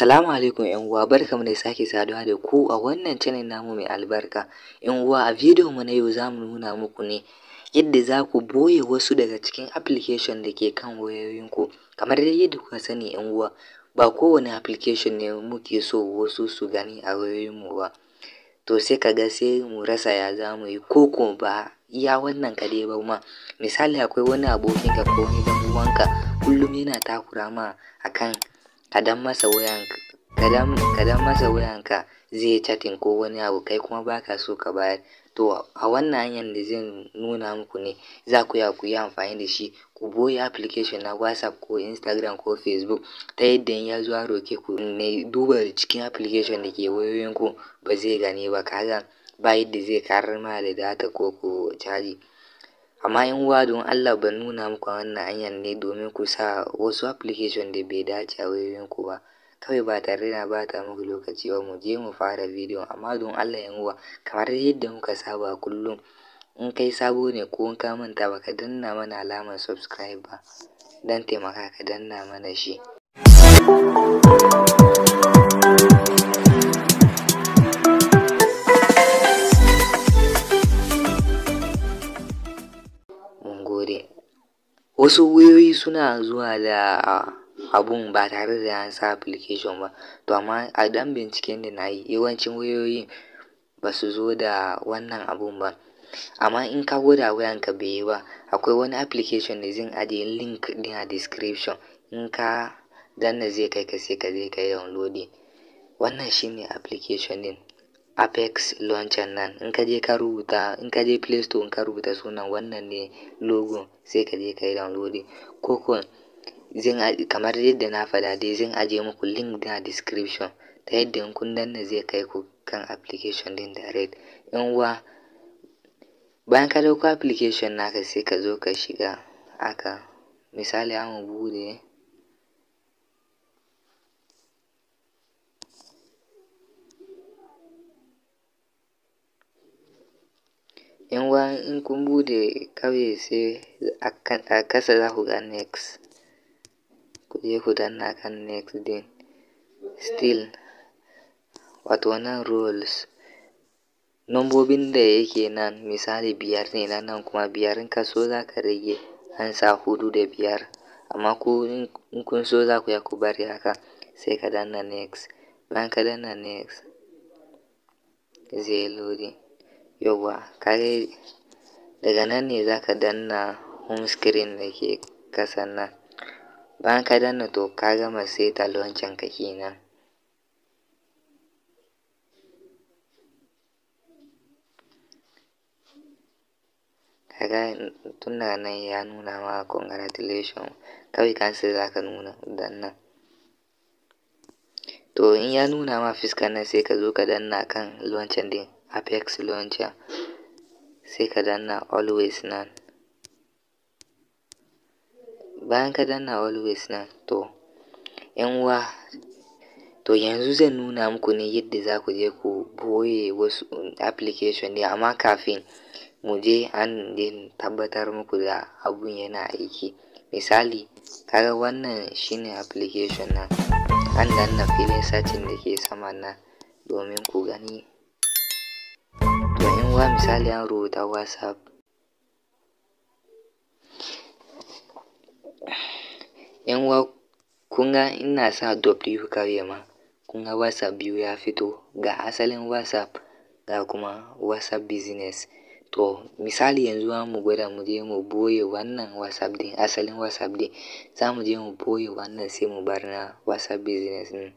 Assalamu alaikum ƴan uwa barkamu da sake saduwa da ku a wannan channel namu mai albarka. Ƴan uwa a video mu na yau zamu nuna muku ne yadda za ku boye wasu daga cikin application da ke kan wayoyinku. Kamar dai yadda kuka sani ƴan uwa ba kowane application ne muke so wasu su gani a wayoyin mu ba. To sai ka ga sai mu rasa ya za mu yi ko ko ba iya wannan dai ba ma misali akwai wani abokinka ko wani ɗan uwanka kullum yana takura ma akan Kadan masa wuyanka ka dan masa wuyanka zai chatting ko wani abu kai kuma baka so ka bayar to a wannan hanyar da zan nuna muku ne za ku ya ku yi amfani da shi ku boye application na whatsapp ko instagram ko facebook ta yadda ya zuwa roke ku ne duba cikin application da ke wayoyin ku ba zai gane ba kaga ba yadda zai karar ma da data ko ku caji Amma in uwa don Allah ban nuna muku wannan hanyar ne domin ku sa wasu application da bai dace a ku ba. Kawai ba tare ba bata muku lokaci ba mu je mu fara bidiyon amma don Allah yan uwa kamar yadda muka saba kullum in kai sabo ne ko in ka manta ba ka danna mana alamar subscribe ba don taimaka ka danna mana shi. wasu wayoyi suna zuwa da abun ba tare da an sa application ba to amma a dan binciken da na yi yawancin wayoyin ba su zo da wannan abun ba amma in ka gwada wayanka bai yi ba akwai wani application da zan ajiye link din a description in ka danna zai kai ka sai ka je ka yi downloading wannan shine application din apex launcher nan in ka je ka rubuta in ka je play store in ka rubuta sunan wannan ne logo sai ka je ka yi downloading ko ko zan kamar yadda na faɗa dai zan aje muku link na description ta yadda in kun danna zai kai ku kan application din direct in wa bayan ka dauko application naka sai ka zo ka shiga haka misali an bude Yan uwa in kun buɗe ƙauye sai a kasa za ku ga next. Ku je ku danna kan next din. Still, wato nan rules. Nombobin da yake nan misali biyar ne na nan kuma biyar in ka so za ka rage an sa hudu da biyar. Amma ku in kun so za ku iya ku bari haka sai ka danna next. Bayan ka danna next zai loading. yauwa kaga daga nan ne zaka danna home screen da ke kasan nan bayan ka danna to ka gama seta launcher ka kenan kaga tun daga nan ya nuna ma congratulation kawai za zaka nuna danna to in ya nuna ma fuskar nan sai ka zo ka danna kan launcher din apex launcher sai ka danna always nan bayan ka danna always nan to uwa to yanzu zan nuna muku ne yadda za ku je ku boye wasu application ne amma kafin mu je an tabbatar muku da abun yana aiki misali kaga wannan shine application na an danna filin satin da ke sama na domin ku gani da yan misali an rubuta whatsapp yan uwa kun ina sa w kawai ma kunga whatsapp biyu ya fito ga asalin whatsapp ga kuma whatsapp business to misali yanzu za mu gwada mu je mu boye wannan whatsapp din asalin whatsapp din za mu je mu boye wannan sai mu bar na whatsapp business din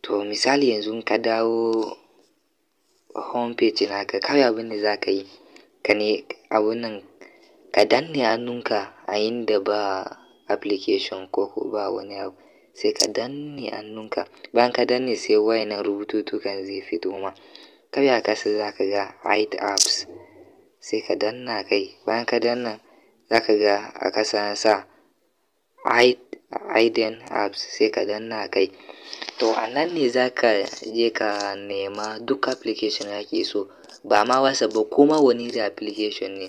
to misali yanzu ka dawo home page naka kawai abin da za ka yi ka ne abun nan ka danne hannunka a inda ba application ko ko ba wani abu sai ka danne hannunka bayan ka danne sai wayannan rubututukan zai fito ma kawai a ƙasa za ka ga hide apps sai ka danna kai bayan ka danna za ka ga a ƙasa sa hide hidden apps sai ka danna kai to a nan ne za ka je ka nema duk application da kake so ba ma whatsapp ba ko ma wani da application ne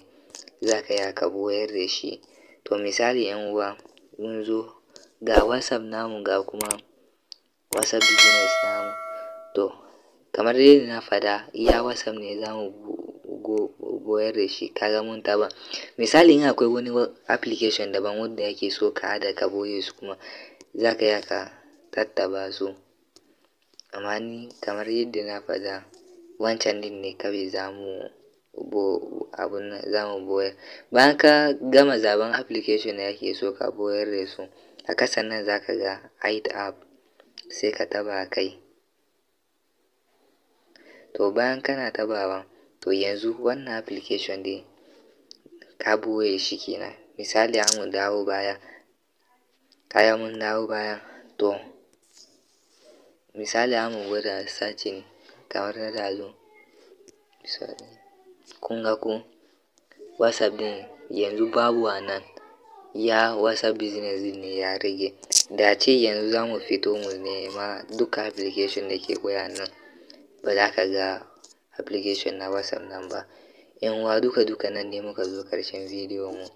za ka yi ka boyar da shi to misali yan uwa mun zo ga whatsapp namu ga kuma whatsapp business namu to kamar dai na fada iya whatsapp ne za mu goyar da shi kaga mun taɓa? misali in akwai wani application daban wanda yake so ka hada ka boye su kuma za ka yi ka tattaba su. Amma ni kamar yadda na faɗa wancan ɗin ne kawai za mu bo abun za mu boyar. Bayan ka gama zaben application da kake so ka boyar da su a ƙasan nan za ka ga it app sai ka taba kai. To bayan kana tabawa to yanzu wannan application dai ka boye shi kenan. Misali za mu dawo baya, kaga mun dawo baya to. Misali mu gwada sacin kamar na ɗazu. Misali, kun ko WhatsApp ɗin yanzu babu a nan. ya WhatsApp Business ɗin ne ya rage. Da ce yanzu za mu fito mu nema duka application da ke koya nan, ba za ka ga application na WhatsApp nan ba. Yan duka duka nan ne muka zo ƙarshen bidiyon mu.